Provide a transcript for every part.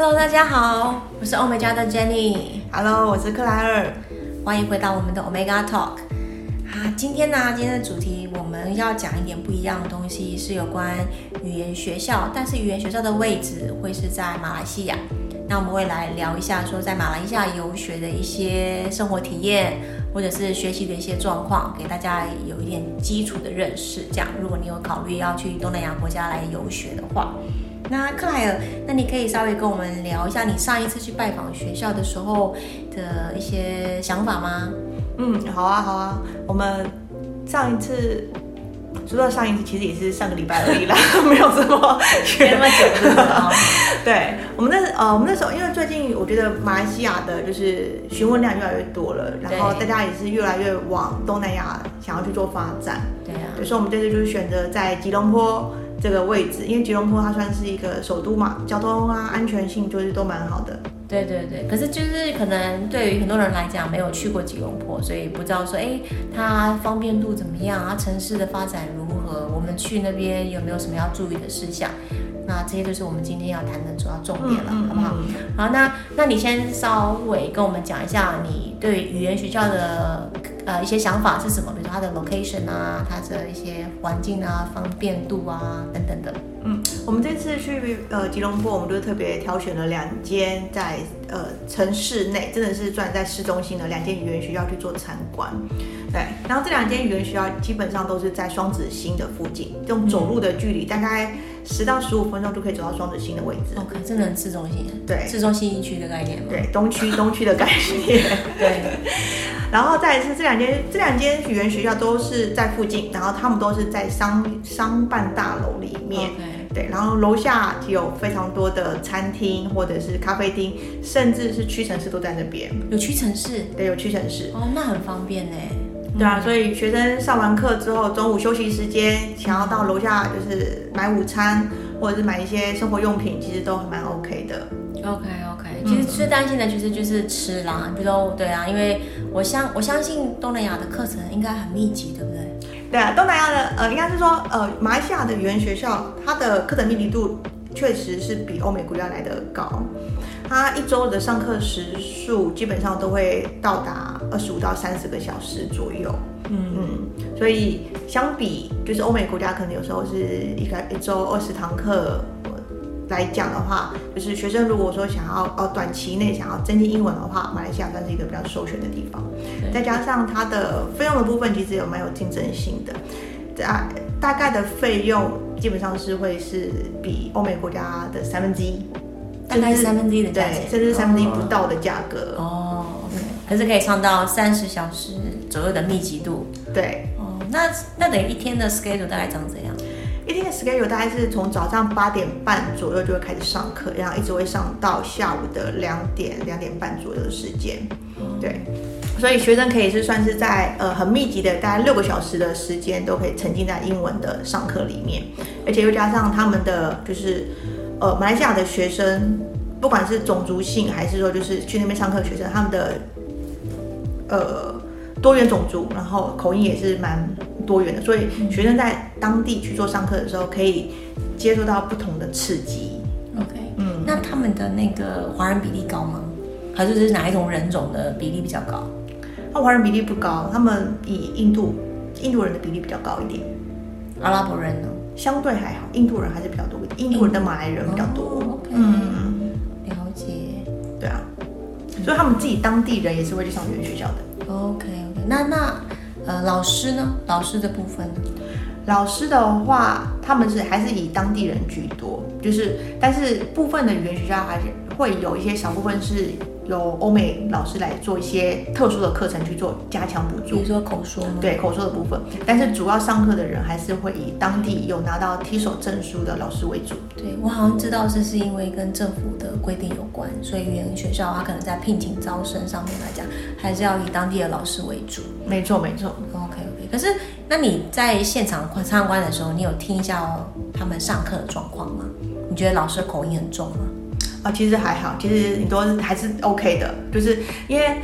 Hello，大家好，我是歐美家的 Jenny。Hello，我是克萊爾。歡迎回到我們的 Omega Talk。啊，今天呢、啊，今天的主題我們要講一點不一樣的東西，是有關語言學校，但是語言學校的位置會是在馬來西亞。那我們會來聊一下，說在馬來西亞遊學的一些生活體驗，或者是學習的一些狀況，給大家有一點基礎的認識。這樣，如果你有考慮要去東南亞國家來遊學的話。那克萊爾，那你可以稍微跟我們聊一下你上一次去拜訪學校的時候的一些想法嗎？嗯，好啊，好啊。我們上一次，除了上一次，其實也是上個禮拜而已啦， 沒有什麼學那麼久了。 對，我們那呃，我們那時候因為最近我覺得馬來西亞的就是詢問量越來越多了，然後大家也是越來越往東南亞想要去做發展。對啊，比如說我們這次就是選擇在吉隆坡，這個位置，因為吉隆坡它算是一個首都嘛，交通啊、安全性就是都蠻好的。對對對，可是就是可能對於很多人來講，沒有去過吉隆坡，所以不知道說，誒它方便度怎麼樣啊？它城市的發展如何？我們去那邊有沒有什麼要注意的事項？那這些就是我們今天要談的主要重點了，嗯嗯嗯好不好？好，那那你先稍微跟我們講一下你對語言學校的。呃，一些想法是什麼？比如說它的 location 啊，它的一些環境啊、方便度啊等等的。嗯，我們這次去呃吉隆坡，我們都特別挑選了兩間在。呃，城市內真的是轉在市中心的兩間語言學校去做參觀，對。然後這兩間語言學校基本上都是在雙子星的附近，用走路的距離大概十到十五分鐘就可以走到雙子星的位置。OK，真的很市中心？對，市中心一區的概念嗎？對，東區東區的概念。 對。 然後再是這兩間這兩間語言學校都是在附近，然後他們都是在商商辦大樓裡面。Okay. 然後樓下就有非常多的餐廳或者是咖啡廳，甚至是屈臣氏都在那邊。有屈臣氏？對，有屈臣氏。哦，那很方便呢。對啊，okay. 所以學生上完課之後，中午休息時間想要到樓下就是買午餐，或者是買一些生活用品，其實都很蠻 OK 的。OK OK，嗯，其實最擔心的就是就是吃啦，比如對啊，因為我相我相信東南亞的課程應該很密集，對不對？對啊，東南亞的呃，應該是說呃，馬來西亞的語言學校，它的課程密集度確實是比歐美國家來得高，它一周的上課時數基本上都會到達二十五到三十個小時左右，嗯嗯，所以相比就是歐美國家，可能有時候是一個一周二十堂課。來講的話，就是學生如果說想要哦，短期內想要增進英文的話，馬來西亞算是一個比較首選的地方。對。再加上它的費用的部分其實有蠻有競爭性的，大，大概的費用基本上是會是比歐美國家的三分之一，大概是三分之一的價格，甚至三分之一不到的價格哦，還是可以上到三十小時左右的密集度。對哦，那那等於一天的 schedule 大概長這樣？一天的 schedule 大概是從早上八點半左右就會開始上課，然後一直會上到下午的兩點、兩點半左右的時間。對，所以學生可以是算是在呃很密集的大概六個小時的時間都可以沉浸在英文的上課裡面，而且又加上他們的就是呃馬來西亞的學生，不管是種族性還是說就是去那邊上課的學生他們的呃。多元種族，然後口音也是蠻多元的，所以學生在當地去做上課的時候，可以接觸到不同的刺激。OK，嗯，那他們的那個華人比例高嗎？還是就是哪一種人種的比例比較高？那、啊、華人比例不高，他們以印度印度人的比例比較高一點。阿拉伯人呢，相對還好，印度人還是比較多一點。印度人跟馬來人比較多。哦、OK、嗯、了解。嗯、對啊、嗯，所以他們自己當地人也是會去上語言學校的。OK。那那，呃，老師呢？老師的部分，老師的話，他們是還是以當地人居多，就是，但是部分的語言學校還是會有一些小部分是。由歐美老師來做一些特殊的課程去做加強補助，比如說口說、嗯對，對口說的部分。但是主要上課的人還是會以當地有拿到 TESOL 證書的老師為主對。對我好像知道這是因為跟政府的規定有關，所以語言學校它可能在聘請招生上面來講，還是要以當地的老師為主。沒錯沒錯，OK OK。可是那你在現場參觀的時候，你有聽一下他們上課的狀況嗎？你覺得老師的口音很重嗎？啊，其實還好，其實你都是還是 OK 的，就是因為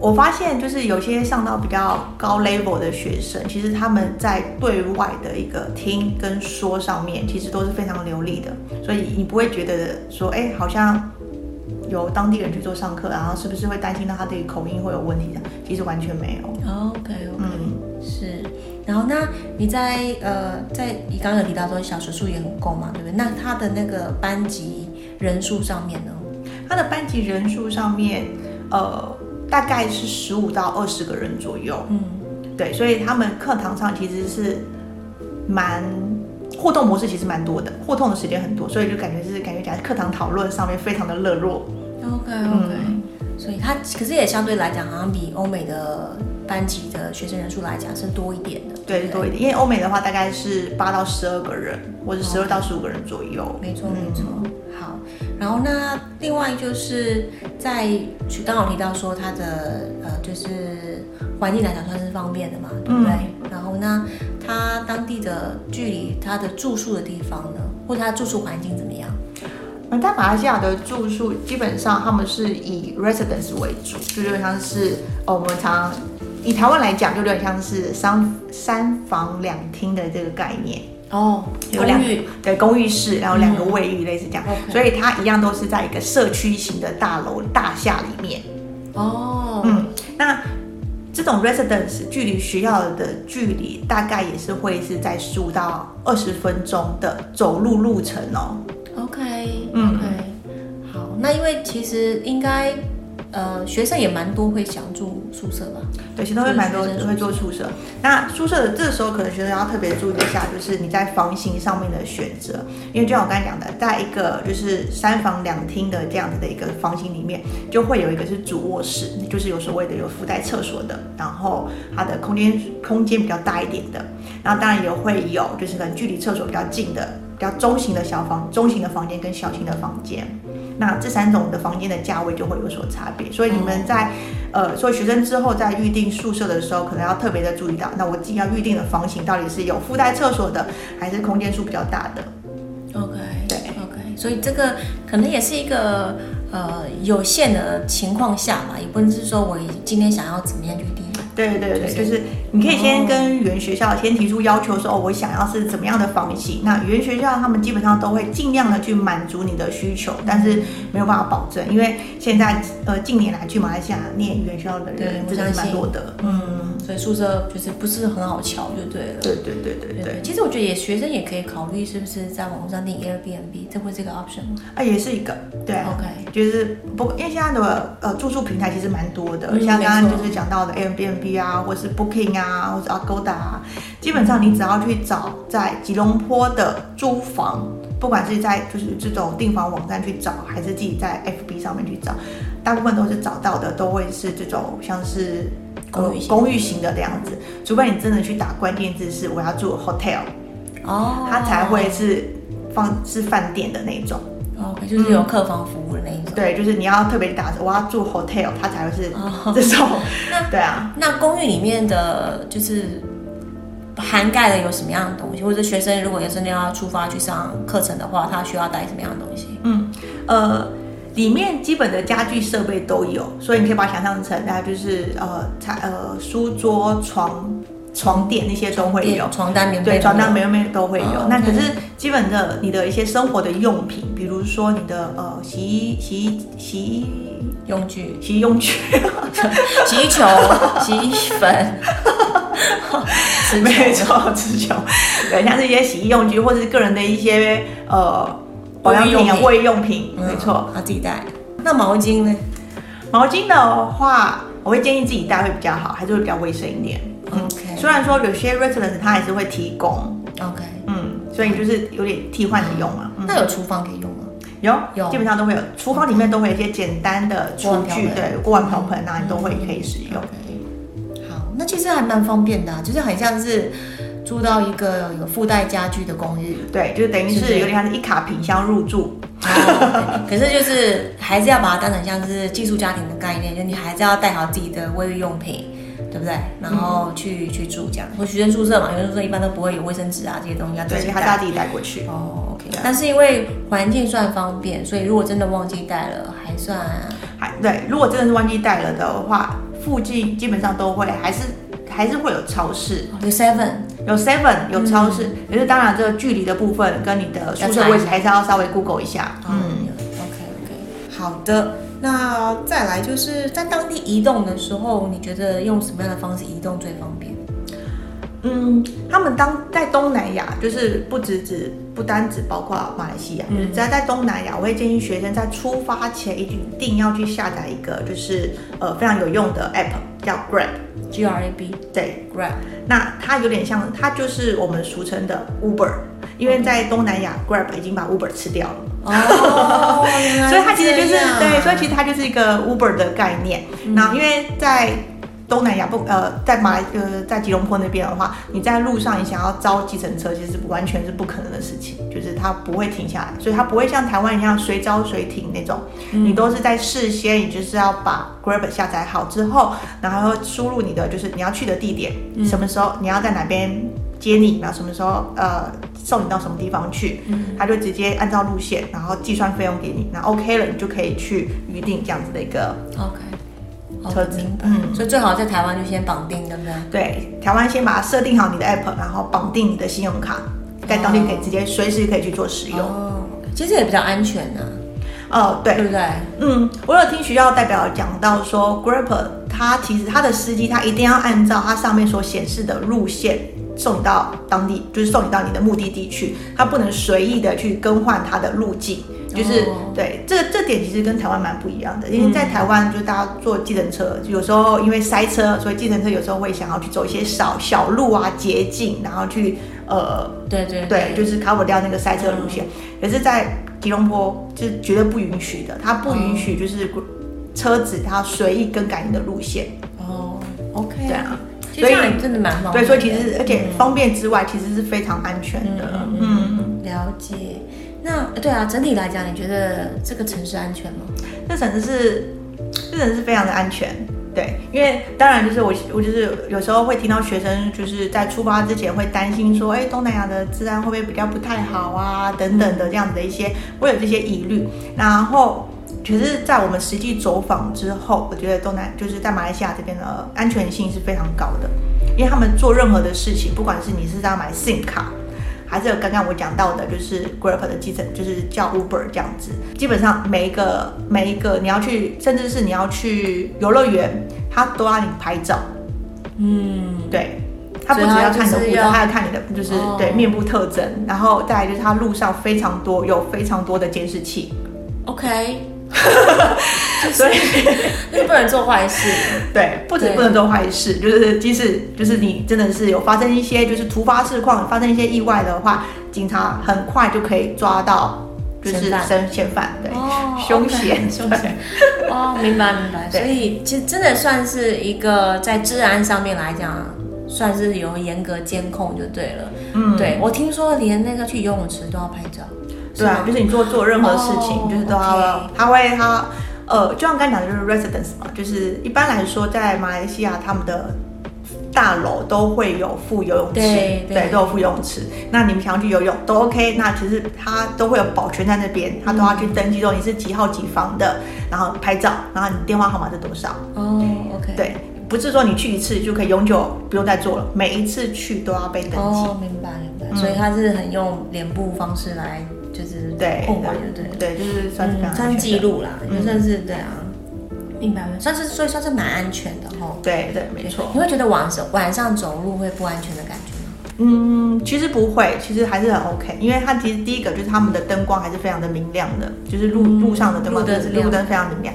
我發現，就是有些上到比較高 level 的學生，其實他們在對外的一個聽跟說上面，其實都是非常流利的，所以你不會覺得說，哎、欸，好像有當地人去做上課，然後是不是會擔心到他的口音會有問題的？其實完全沒有。OK，OK。嗯，是，然後那你在呃，在你剛剛有提到說小學素也很夠嘛，對不對？那他的那個班級。人數上面呢？他的班級人數上面，呃，大概是十五到二十個人左右。嗯，對，所以他們課堂上其實是蠻互動模式，其實蠻多的，互動的時間很多，所以就感覺是感覺講課堂討論上面非常的熱絡。OK OK，嗯，所以他可是也相對來講，好像比歐美的。班級的學生人數來講是多一點的。對，對，多一點。因為歐美的話大概是八到十二個人，或者十二到十五個人左右。沒、哦、錯，沒錯、嗯。好，然後那另外就是在去剛好提到說他的呃，就是環境來講算是方便的嘛，嗯、對不對？然後那他當地的距離他的住宿的地方呢，或者它的住宿環境怎麼樣？嗯、在馬來西亞的住宿基本上他們是以 residence 為主，嗯、就有、是、像是哦，我們常，常以台灣來講，就有點像是三三房兩廳的這個概念哦，有兩個對公寓室，然後兩個衛浴、嗯，類似這樣，okay. 所以它一樣都是在一個社區型的大樓大廈裡面哦，嗯，那這種 residence 距離學校的距離大概也是會是在十五到二十分鐘的走路路程哦，OK，OK、okay, 嗯 okay. 好，那因為其實應該。呃，學生也蠻多會想住宿舍吧？對，學生都會蠻多都會住宿舍。那宿舍的這時候可能學生要特別注意一下，就是你在房型上面的選擇，因為就像我剛才講的，在一個就是三房兩廳的這樣子的一個房型裡面，就會有一個是主臥室，就是有所謂的有附帶廁所的，然後它的空間空間比較大一點的。然後當然也會有，就是可能距離廁所比較近的比較中型的小房、中型的房間跟小型的房間。那這三種的房間的價位就會有所差別，所以你們在、嗯，呃，所以學生之後在預定宿舍的時候，可能要特別的注意到，那我自己要預定的房型到底是有附帶廁所的，還是空間數比較大的？OK，對，OK，所以這個可能也是一個呃有限的情況下嘛，也不能是說我今天想要怎麼樣就定。對對對，就是你可以先跟語言學校先提出要求，說哦，我想要是怎麼樣的房型。那語言學校他們基本上都會盡量的去滿足你的需求，嗯，但是沒有辦法保證，因為現在呃近年來去馬來西亞念語言學校的人真的蠻多的，嗯，所以宿舍就是不是很好找就對了。對對對對對，對，對，對。其實我覺得也學生也可以考慮是不是在網上訂 Airbnb，這會是這個 option 嗎？啊，也是一個，對，啊，OK，就是不，因為現在的呃住宿平台其實蠻多的，像剛剛就是講到的 Airbnb。啊，或是 Booking 啊，或者 Agoda 啊，基本上你只要去找在吉隆坡的租房，不管是在就是這種訂房網站去找，還是自己在 FB 上面去找，大部分都是找到的，都會是這種像是公寓公寓型的這樣子，除非你真的去打關鍵字是我要住 Hotel，哦、oh.，它才會是放是飯店的那種。哦、oh, okay, 嗯，就是有客房服務的那一種。對，就是你要特別打，我要住 hotel，它才會是這種、哦。那對啊，那公寓裡面的就是涵蓋的有什麼樣的東西？或者學生如果也是那樣出發去上課程的話，他需要帶什麼樣的東西？嗯，呃，裡面基本的家具設備都有，所以你可以把它想象成，大家就是呃，材呃，書桌、床、床墊那些都會有，床單有、棉被，床單、棉被都會有。那、哦、可是。Okay. 基本的，你的一些生活的用品，比如說你的呃，洗衣、洗衣、洗衣用具、洗衣用具、 洗衣球、洗衣粉， 吃沒錯，洗衣球。對，像這些洗衣用具，或者是個人的一些呃，保養用品、衛用，用品，沒錯，啊自己帶。那毛巾呢？毛巾的話，我會建議自己帶會比較好，它就會比較衛生一點。嗯，okay. 雖然說有些 residence 它還是會提供。OK。所以你就是有點替換的用嘛、啊嗯嗯嗯？那有廚房可以用嗎、啊？有有，基本上都會有，廚房裡面都會有一些簡單的廚具過完，對，鍋碗瓢盆啊，你、嗯、都會可以使用。嗯 okay. 好，那其實還蠻方便的、啊，就是很像是租到一個有附帶家具的公寓。對，就是等於是有點像是一卡皮箱入住。是是 okay, 可是就是還是要把它當成像是寄宿家庭的概念，就是、你還是要帶好自己的衛浴用品。對不對？然後去、嗯、去住這樣，我學生宿舍嘛，學生宿舍一般都不會有衛生紙啊這些東西要自，對，還是要自己帶過去。哦、oh，OK、啊。但是因為環境算方便，所以如果真的忘記帶了、嗯，還算還、啊、對。如果真的是忘記帶了的話，附近基本上都會，還是還是會有超市。有、oh, Seven，有 Seven，有超市。嗯、也是當然，這個距離的部分跟你的宿舍位置還是要稍微 Google 一下。嗯，嗯，OK OK。好的。那再來就是在當地移動的時候，你覺得用什麼樣的方式移動最方便？嗯，他們當在東南亞，就是不只只不單只包括馬來西亞，嗯，就是只要在東南亞，我會建議學生在出發前一定要去下載一個，就是呃非常有用的 app，叫 Grab，G R A B，對，Grab。那它有點像，它就是我們俗稱的 Uber，因為在東南亞，嗯，Grab 已經把 Uber 吃掉了。哦、oh, 所以它其實就是對，所以其實它就是一個 Uber 的概念。嗯、然後因為在東南亞不呃，在馬來呃在吉隆坡那邊的話，你在路上你想要招計程車，其實完全是不可能的事情，就是它不會停下來，所以它不會像台灣一樣隨招隨停那種。你都是在事先，你就是要把 Grab 下載好之後，然後輸入你的就是你要去的地點，什麼時候你要在哪邊。接你，然後什麼時候呃送你到什麼地方去、嗯，他就直接按照路線，然後計算費用給你，那 OK 了，你就可以去預定這樣子的一個車子 OK 車嗯，所以最好在台灣就先綁定，對不對？對，台灣先把它設定好你的 App，然後綁定你的信用卡，在、哦、當地可以直接隨時可以去做使用。哦，其實也比較安全的、啊。哦、呃，對，對不對？嗯，我有聽學校代表講到說，Grab 他其實他的司機他一定要按照他上面所顯示的路線。送你到當地，就是送你到你的目的地去，他不能隨意的去更換他的路徑，就是對這這點其實跟台灣蠻不一樣的，因為在台灣就是大家坐計程車，有時候因為塞車，所以計程車有時候會想要去走一些小小路啊捷徑，然後去呃對對對，對，就是 cover 掉那個塞車路線，嗯、也是在吉隆坡就絕對不允許的，他不允許就是車子他隨意更改你的路線哦，OK 對啊。所以真的蠻方便的，而且方便之外，嗯，其實是非常安全的。嗯，嗯了解。那對啊，整體來講，你覺得這個城市安全嗎？這城市是，這城市非常的安全。對，因為當然就是我，我就是有時候會聽到學生就是在出發之前會擔心說，哎、欸，東南亞的治安會不會比較不太好啊？嗯，等等的這樣子的一些會有這些疑慮，嗯，然後。其實，在我們實際走訪之後，我覺得東南亞就是在馬來西亞這邊的安全性是非常高的，因為他們做任何的事情，不管是你是在買 SIM 卡，還是有剛剛我講到的，就是 Grab 的計程，就是叫 Uber 這樣子，基本上每一個每一個你要去，甚至是你要去遊樂園，他都要你拍照。嗯，對，他不只要看你的護照，還要他看你的就是、哦、對面部特徵，然後再來就是他路上非常多有非常多的監視器。OK。所 以、就是， 對 不，不能做壞事。對，不止不能做壞事，就是即使就是你真的是有發生一些就是突發事況，發生一些意外的話，警察很快就可以抓到就是嫌嫌犯，對，凶嫌凶嫌。哦、oh, okay, oh,，明白明白。所以其實真的算是一個在治安上面來講，算是有嚴格監控就對了。嗯，對我聽說連那個去游泳池都要拍照。對啊，就是你做做任何事情，哦、就是都要、okay、他會他呃，就像剛才講的，就是 residence 嘛，就是一般來說在馬來西亞他們的大樓都會有附游泳池對對，對，都有附游泳池。那你們想要去游泳都 OK，那其實他都會有保全在那邊，他都要去登記說你是幾號幾房的、嗯，然後拍照，然後你電話號碼是多少？哦、oh,，OK，對，不是說你去一次就可以永久不用再做了，每一次去都要被登記。哦，明白，明白。嗯、所以他是很用臉部方式來。就是後對，的對對，對，就是算是、嗯、算記錄啦，也、嗯、算是對啊，明白。算是所以算是蠻安全的哈。對對，對，沒錯。你會覺得晚上晚上走路會不安全的感覺嗎？嗯，其實不會，其實還是很 OK，因為它其實第一個就是他們的燈光還是非常的明亮的，就是路、嗯、路上的燈光，路燈、就是、非常明亮。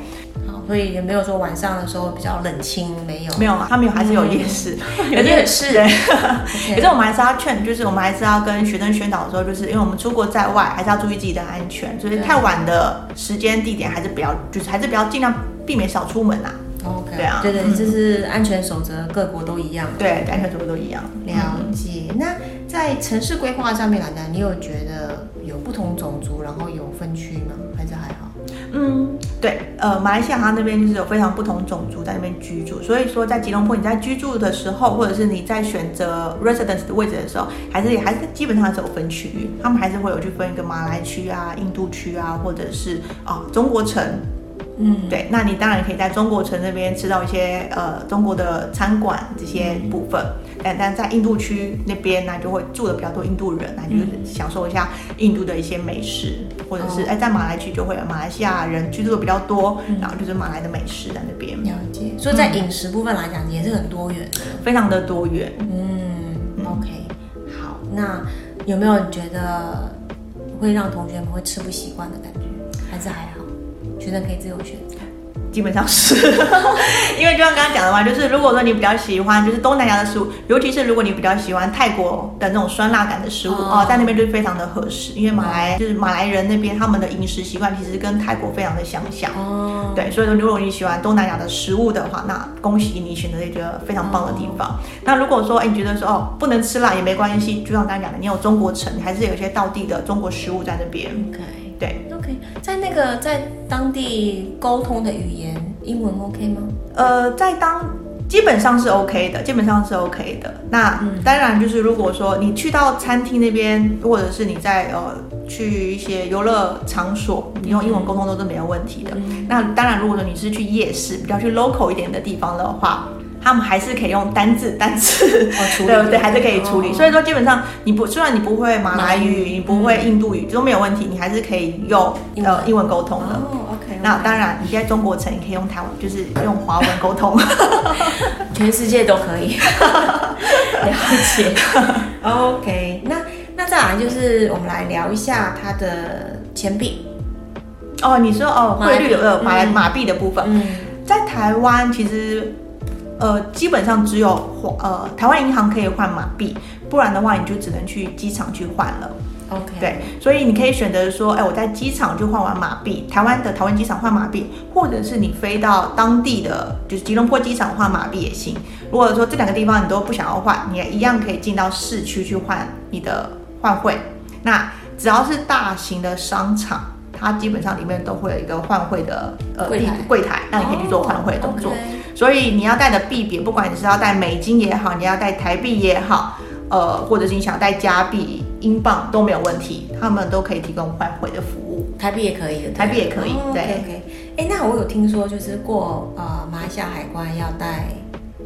所以也沒有說晚上的時候比較冷清？沒有沒有啊，他們有還是有夜市，okay. 有夜市人。 是 okay. 可是我們還是要勸，就是我們還是要跟學生宣導的時候，就是因為我們出國在外，還是要注意自己的安全，所以就是太晚的時間地點還是不要，就是還是不要盡量避免少出門啊。OK，對啊，對對、對，就是安全守則，各國都一樣。對、對，安全守則都一樣。了解。那在城市規劃上面來講，你有覺得有不同種族然後有分區嗎？還是還好？嗯。對，呃，馬來西亞它、啊、那邊就是有非常不同種族在那邊居住，所以說在吉隆坡你在居住的時候，或者是你在選擇 residence 的位置的時候，還是還是基本上是有分區域，他們還是會有去分一個馬來區啊、印度區啊，或者是啊、呃、中國城。嗯，對，那你當然可以在中國城那邊吃到一些呃中國的餐館這些部分，嗯、但但在印度區那邊呢，那就會住的比較多印度人，嗯、那就是享受一下印度的一些美食，嗯、或者是哎、哦、在馬來區就會有馬來西亞人居住的比較多，嗯，然後就是馬來的美食在那邊。了解，所以在飲食部分來講也是很多元，嗯，非常的多元。嗯，嗯，OK，好，那有沒有你覺得會讓同學們會吃不習慣的感覺？還是還好。真的可以自由選擇，基本上是，因為就像剛剛講的話，就是如果說你比較喜歡就是東南亞的食物，尤其是如果你比較喜歡泰國的那種酸辣感的食物哦，在那邊就非常的合適，因為馬來就是馬來人那邊他們的飲食習慣其實跟泰國非常的相像。哦，對，所以說如果你喜歡東南亞的食物的話，那恭喜你選擇一個非常棒的地方。那如果說哎、欸、你覺得說哦不能吃辣也沒關係，就像剛剛講的，你有中國城，還是有一些道地的中國食物在那邊。對。在那個在當地溝通的語言，英文 OK 嗎？呃，在當基本上是 OK 的，基本上是 OK 的。那、嗯、當然就是如果說你去到餐廳那邊，或者是你在呃去一些遊樂場所，你用英文溝通都是沒有問題的。嗯、那當然，如果說你是去夜市，比較去 local 一點的地方的話。他們還是可以用單字單字、哦、處理對不對？還是可以處理。哦、所以說基本上你不雖然你不會馬來語，你不會印度語、嗯、都沒有問題，你還是可以用呃英文溝、呃、通的。哦，OK, okay. 那。那當然，你在中國城你可以用台，就是用華文溝通，全世界都可以。 了解。 OK 那。那那再來就是我們來聊一下它的錢幣、嗯。哦，你說哦匯率呃馬來、嗯、馬幣的部分，嗯、在台灣其實。呃，基本上只有呃台灣銀行可以換馬幣，不然的話你就只能去機場去換了。OK，對，所以你可以選擇說，哎、欸，我在機場就換完馬幣，台灣的台灣機場換馬幣，或者是你飛到當地的，就是吉隆坡機場換馬幣也行。如果說這兩個地方你都不想要換，你也一樣可以進到市區去換你的換匯。那只要是大型的商場。它基本上裡面都會有一個換匯的呃櫃台,櫃台，那你可以去做換匯的動作。哦，okay。所以你要帶的幣別，不管你是要帶美金也好，你要帶台幣也好，呃，或者是你想帶加幣、英鎊都沒有問題，他們都可以提供換匯的服務。台幣也,也可以，台幣也可以。對。哎，okay okay. 欸，那我有聽說，就是過呃馬來西亞海關要帶。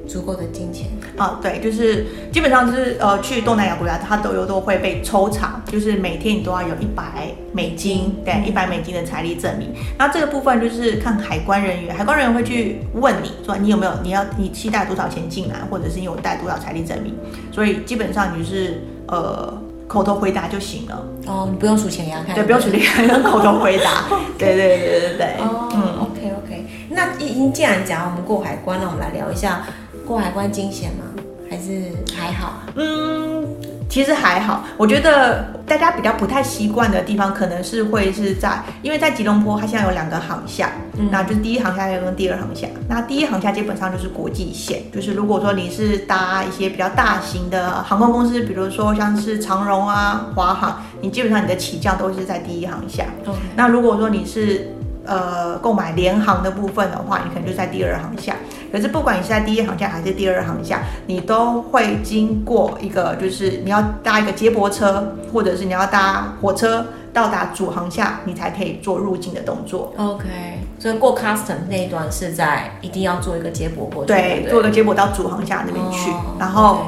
足夠的金錢啊、哦，對，就是基本上就是呃，去東南亞國家，它都有都會被抽查，就是每天你都要有一百美金，嗯、對，一百美金的財力證明。嗯、然後這個部分就是看海關人員，海關人員會去問你說你有沒有你要你期待多少錢進來，或者是你有帶多少財力證明。所以基本上你、就是呃口頭回答就行了。哦，你不用數錢呀，對，嗯對嗯、不用數錢，口頭回答。 對，對對對對對。哦、嗯、OK OK。那已經既然講我們過海關了，那我們來聊一下。過海關驚險嗎？還是還好？嗯，其實還好。我覺得大家比較不太習慣的地方，可能是會是在，因為在吉隆坡，它現在有兩個航廈，嗯，那就是第一航廈跟第二航廈。那第一航廈基本上就是國際線，就是如果說你是搭一些比較大型的航空公司，比如說像是長榮啊、華航，你基本上你的起降都是在第一航廈。Okay. 那如果說你是呃購買聯航的部分的話，你可能就在第二航廈。可是，不管你是在第一航廈還是第二航廈，你都會經過一個，就是你要搭一個接駁車，或者是你要搭火車到達主航廈，你才可以做入境的動作。OK，所以過 custom 那一段是在一定要做一個接駁車，對，對對做一個接駁到主航廈那邊去，oh, okay. 然後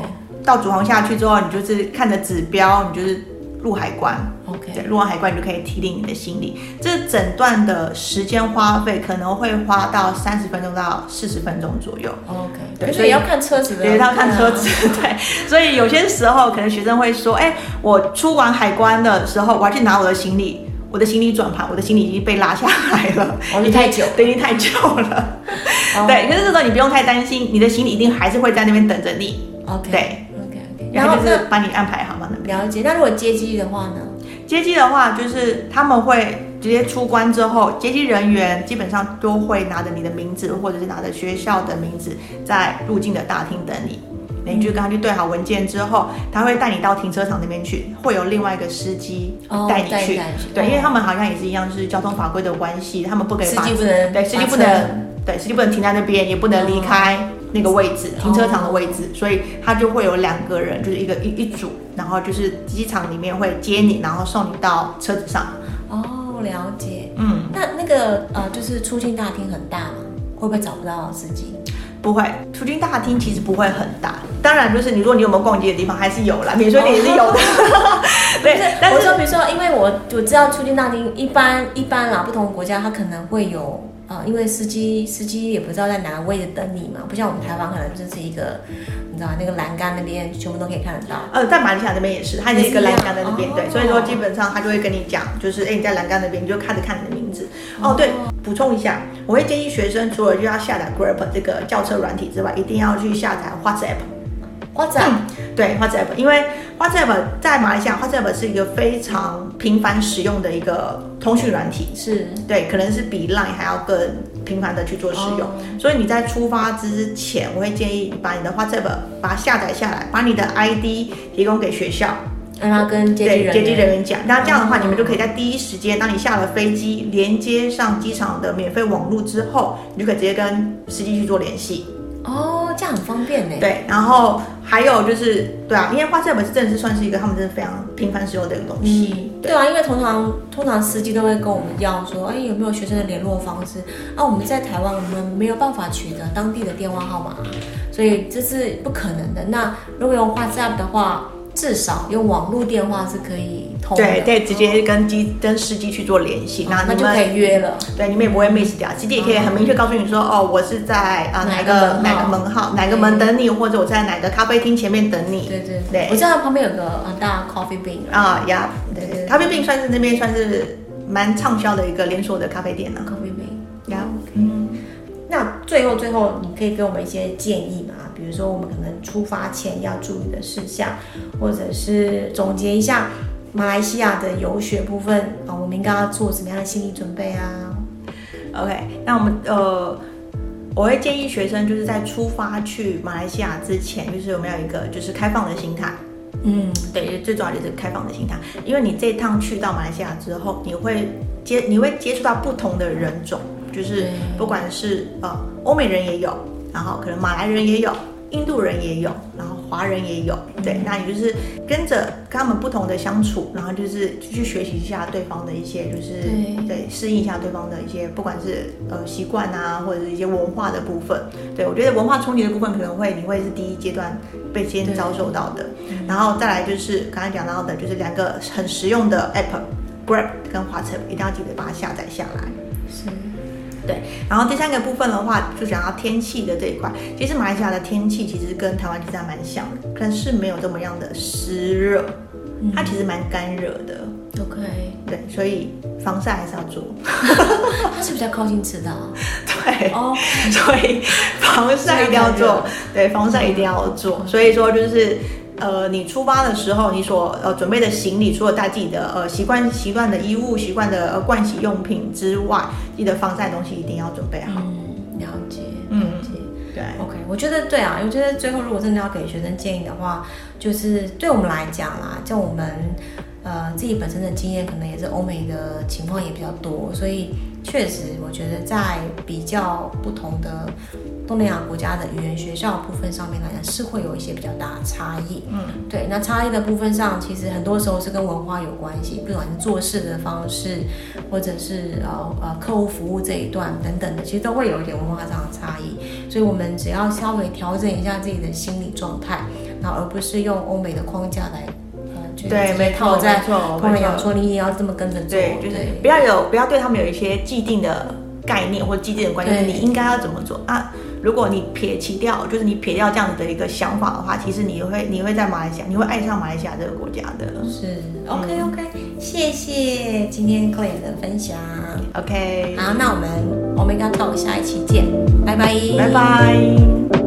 到主航廈去之後，你就是看着指標，你就是。入海關，OK，對，入完海關你就可以提領你的行李。這整段的時間花費可能會花到三十分鐘到四十分鐘左右、oh,，OK，對所，所以要看車子看、啊，也要看車子，oh. 對。所以有些時候可能學生會說，哎、oh. 欸，我出完海關的時候，我要去拿我的行李，我的行李轉盤，我的行李已經被拉下來了，等、oh, 太久了，你太久了。Oh. 對，可是這時候你不用太擔心，你的行李一定還是會在那邊等着你，OK，對 o、okay, k、okay. 然後就是幫你安排好。了解，那如果接機的話呢？接機的話，就是他們會直接出關之後，接機人員基本上都會拿着你的名字或者是拿着學校的名字，在入境的大廳等你。嗯、你就跟他去對好文件之後，他會帶你到停車場那邊去，會有另外一個司機帶你去，哦、帶帶去。對，因為他們好像也是一樣，哦就是交通法規的關係，他們不可以。司機不能，對不能。對，司機不能。對，司機不能停在那邊，也不能離開。嗯那個位置，停車場的位置，哦、所以他就會有兩個人，就是一個一一組，然後就是機場裡面會接你，然後送你到車子上。哦，了解。嗯，那那個呃，就是出境大廳很大嗎？會不會找不到司機？不會，出境大廳其實不會很大。當然，就是你如果你有沒有逛街的地方，還是有啦。免稅店也是有的。哦、 對，但是我說，比如說，因為我我知道出境大廳一般一般啦，不同的國家它可能會有。啊、嗯，因為司機司機也不知道在哪個位置等你嘛，不像我們台灣可能就是一個，你知道那個欄杆那邊全部都可以看得到。呃，在馬來西亞那邊也是，它也是一個欄杆在那邊、啊，對。所以說基本上他就會跟你講，就是哎、欸、你在欄杆那邊你就看着看你的名字。哦，對，補、哦、充一下，我會建議學生除了就要下載 Grab 這個叫車軟體之外，一定要去下載 WhatsApp。WhatsApp、嗯、對 WhatsApp，因為 WhatsApp 在馬來西亞，WhatsApp 是一個非常頻繁使用的一個通訊軟體，是對，可能是比 Line 還要更頻繁的去做使用、哦。所以你在出發之前，我會建議你把你的 WhatsApp 把它下載下來，把你的 ID 提供給學校，讓他跟接機人員對接機人員講。那這樣的話、嗯，你們就可以在第一時間，當你下了飛機，連接上機場的免費網路之後，你就可以直接跟司機去做聯繫。哦，這樣很方便呢。對，然後還有就是，對啊，因為 WhatsApp 是真的是算是一個他們真的非常頻繁使用的一個東西。嗯，對啊，對，因為通常通常司機都會跟我們要說，哎，有沒有學生的聯絡方式？啊，我們在台灣我們沒有辦法取得當地的電話號碼，所以這是不可能的。那如果用 WhatsApp 的話。至少用網絡電話是可以通的，對，可以直接跟機跟司機去做聯繫、哦，那你們、哦、那就可以約了，對，你們也不會 miss 掉，司、嗯、機也可以很明確告訴你說，哦，我是在啊、呃、哪個哪個門號哪，個門，號對對對哪個門等你，或者我在哪個咖啡廳前面等你，對對對。對我知道旁邊有個很大 coffee bean 啊，yeah，對，coffee bean 算是那邊算是蠻暢銷的一個連鎖的咖啡店了，coffee bean yeah，嗯，那最後最後你可以給我們一些建議嗎？比如說，我們可能出發前要注意的事項，或者是總結一下馬來西亞的遊學部分啊，我們應該要做什麼樣的心理準備啊？OK，那我們呃，我會建議學生就是在出發去馬來西亞之前，就是我們要有一個就是開放的心態。嗯，對，最重要就是開放的心態，因為你這趟去到馬來西亞之後，你會接你會接觸到不同的人種，就是不管是呃歐美人也有，然後可能馬來人也有。印度人也有，然後華人也有，對，那你就是跟着跟他們不同的相處，然後就是去學習一下對方的一些，就是對，對適應一下對方的一些，不管是呃習慣啊，或者是一些文化的部分。對，我覺得文化衝擊的部分可能會你會是第一階段被先遭受到的。然後再來就是剛才講到的，就是兩個很實用的 app Grab 跟華晨，一定要記得把它下載下來。是。對，然後第三個部分的話，就講到天氣的這一塊。其實馬來西亞的天氣其實跟台灣其實還蠻像的，但是沒有這麼樣的濕熱，它其實蠻乾熱的。OK、嗯、對，所以防曬還是要做。Okay. 它是比較靠近赤道，啊，對，okay. 所以防曬一定要做，對，防曬一定要做。所以說就是。呃，你出發的時候，你所呃準備的行李，除了帶自己的呃習慣習慣的衣物、習慣的、呃、盥洗用品之外，記得防晒東西一定要準備好。嗯、了解，了解。嗯、對，OK，我覺得對啊，我覺得最後如果真的要給學生建議的話，就是對我們來講啦，像我們呃自己本身的經驗，可能也是歐美的情況也比較多，所以確實我覺得在比較不同的。東南亞國家的語言學校部分上面來講是會有一些比較大的差異，嗯，對，那差異的部分上其實很多時候是跟文化有關係，不管是做事的方式，或者是呃呃客戶服務這一段等等的，其實都會有一點文化上的差異。所以，我們只要稍微調整一下自己的心理狀態，然後而不是用歐美的框架來，對、呃，準備套在，東南亞說你也要這麼跟着做，就是不要有不要對他們有一些既定的概念或既定的觀念，你應該要怎麼做啊？如果你撇棄掉，就是你撇掉這樣子的一個想法的話，其實你會你會在馬來西亞，你會愛上馬來西亞這個國家的。是、嗯，OK OK，謝謝今天 Clay 的分享。OK，好，那我們 Omega Talk 下一期見，拜拜，拜拜。